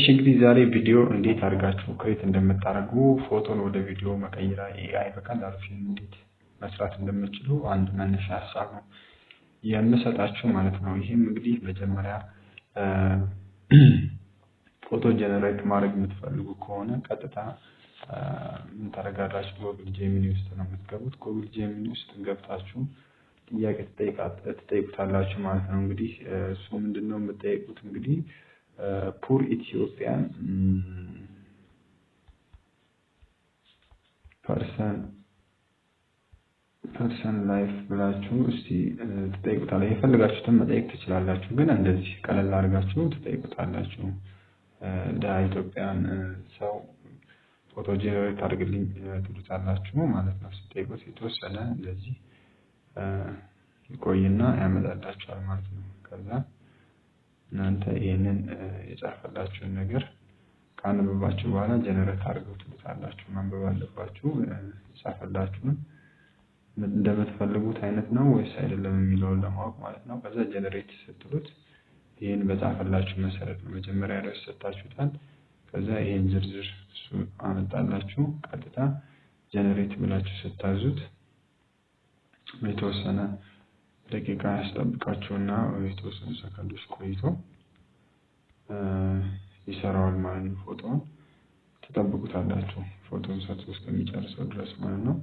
እሺ እንግዲህ ዛሬ ቪዲዮ እንዴት አድርጋችሁ ክሬት እንደምታደርጉ ፎቶን ወደ ቪዲዮ መቀየር ኤአይ በቀላሉ ፊልም እንዴት መስራት እንደምችሉ አንድ መነሻ ሀሳብ ነው የምሰጣችሁ ማለት ነው። ይህም እንግዲህ መጀመሪያ ፎቶ ጀነሬት ማድረግ የምትፈልጉ ከሆነ ቀጥታ ምን ታደርጋላችሁ? ጎግል ጄሚኒ ውስጥ ነው የምትገቡት። ጎግል ጄሚኒ ውስጥ ገብታችሁ ጥያቄ ትጠይቁታላችሁ ማለት ነው። እንግዲህ እሱ ምንድነው የምትጠይቁት እንግዲህ ፑር ኢትዮጵያን ፐርሰን ላይፍ ብላችሁ እስቲ uh, ትጠይቁታላችሁ። የፈልጋችሁትን መጠየቅ ትችላላችሁ፣ ግን እንደዚህ ቀለል አድርጋችሁ ትጠይቁታላችሁ። ደሃ uh, ኢትዮጵያን uh, ሰው ፎቶ ጄኔሬት አድርግልኝ ትሉታላችሁ ማለት ነው። ስጠይቁት የተወሰነ እንደዚህ ይቆይና ያመጣላችኋል ማለት ነው ከዛ እናንተ ይህንን የጻፈላችሁን ነገር ካነበባችሁ በኋላ ጀነሬት አድርገው ትሉታላችሁ ማንበብ አለባችሁ። የጻፈላችሁን እንደምትፈልጉት አይነት ነው ወይስ አይደለም የሚለውን ለማወቅ ማለት ነው። ከዛ ጀነሬት ስትሉት ይህን በጻፈላችሁ መሰረት ነው። መጀመሪያ ርዕስ ሰጥታችሁታል። ከዛ ይህን ዝርዝር እሱ አመጣላችሁ። ቀጥታ ጀነሬት ብላችሁ ስታዙት የተወሰነ ደቂቃ ያስጠብቃቸውና የተወሰኑ ሰከንዶች ቆይቶ ይሰራዋል ማለት ነው። ፎቶውን ትጠብቁታላችሁ ፎቶውን ሰርቶ እስከሚጨርሰው ድረስ ማለት ነው።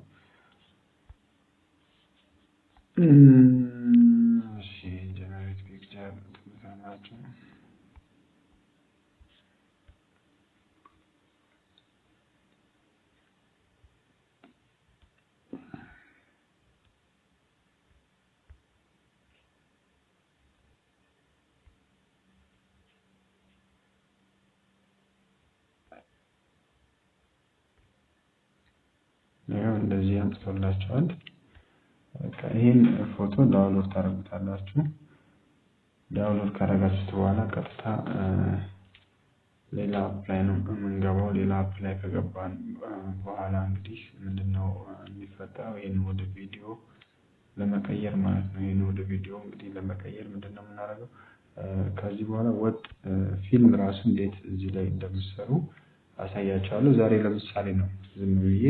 ይኸው እንደዚህ አምጥቶላችኋል። በቃ ይህን ፎቶ ዳውንሎድ ታደርጉታላችሁ። ዳውንሎድ ካደረጋችሁት በኋላ ቀጥታ ሌላ አፕ ላይ ነው የምንገባው። ሌላ አፕ ላይ ከገባን በኋላ እንግዲህ ምንድነው የሚፈጠረው? ይህን ወደ ቪዲዮ ለመቀየር ማለት ነው። ይህን ወደ ቪዲዮ እንግዲህ ለመቀየር ምንድነው የምናደርገው? ከዚህ በኋላ ወጥ ፊልም ራሱ እንዴት እዚህ ላይ እንደምሰሩ አሳያቸዋለሁ። ዛሬ ለምሳሌ ነው ዝም ብዬ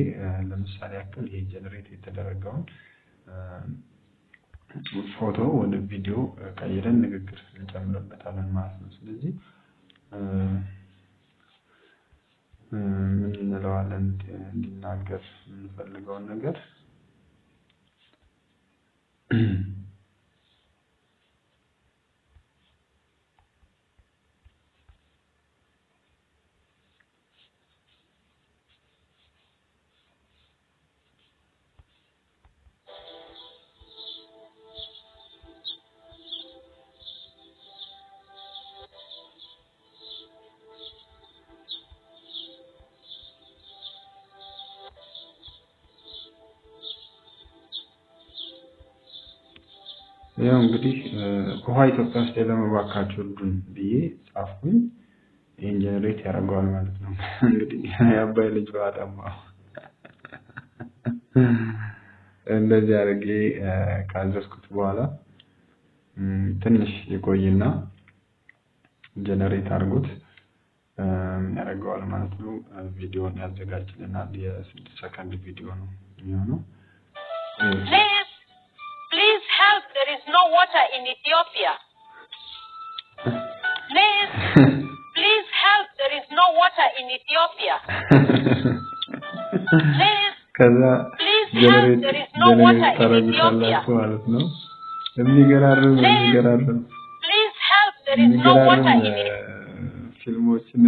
ለምሳሌ ያክል ይሄ ጀነሬት የተደረገውን ፎቶ ወደ ቪዲዮ ቀይረን ንግግር እንጨምርበታለን ማለት ነው። ስለዚህ ምን እንለዋለን እንዲናገር የምንፈልገውን ነገር ያው እንግዲህ ውሃ ኢትዮጵያ ውስጥ የለም እባካችሁ እርዱን ብዬ ጻፍኩኝ። ይሄን ጀነሬት ያደርገዋል ማለት ነው። እንግዲህ የአባይ ልጅ ውሃ ጠማው። እንደዚህ አድርጌ ካዘዝኩት በኋላ ትንሽ ይቆይና ጀነሬት አድርጎት ያደርገዋል ማለት ነው። ቪዲዮን ያዘጋጅልናል። የስድስት ሰከንድ ቪዲዮ ነው የሚሆነው። in Ethiopia. Please, please help. There is no water in Ethiopia. Please, ከዛ ጀነሬት ጀነሬት ታረጉታላችሁ ማለት ነው። የሚገራርም የሚገራርም የሚገራርም ፊልሞችን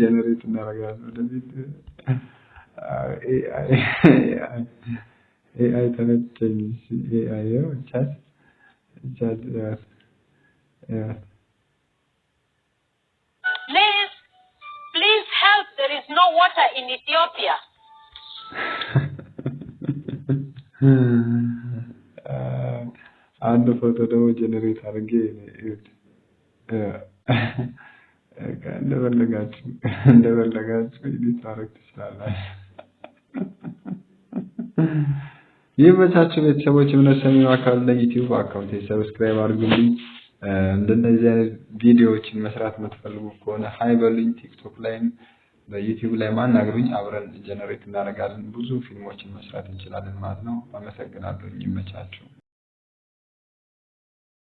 ጀነሬት እናደርጋለን ወደፊት ኤአይ ተመቸኝ ኤአይ ብቻ It said, uh, Yeah. Please, please help. There is no water in Ethiopia. አንድ ፎቶ ደግሞ ጀኔሬት አድርጌ እንደፈለጋችሁ እንደፈለጋችሁ ኢዲት ማድረግ ትችላላችሁ። ይመቻችሁ ቤተሰቦች። እምነት ሰሚው አካል ዩቲዩብ አካውንት ሰብስክራይብ አድርጉልኝ። እንደነዚህ አይነት ቪዲዮዎችን መስራት የምትፈልጉ ከሆነ ሀይ በሉኝ። ቲክቶክ ላይም በዩቲዩብ ላይ ማናገሩኝ፣ አብረን ጀነሬት እናደርጋለን። ብዙ ፊልሞችን መስራት እንችላለን ማለት ነው። አመሰግናለሁ። ይመቻችሁ።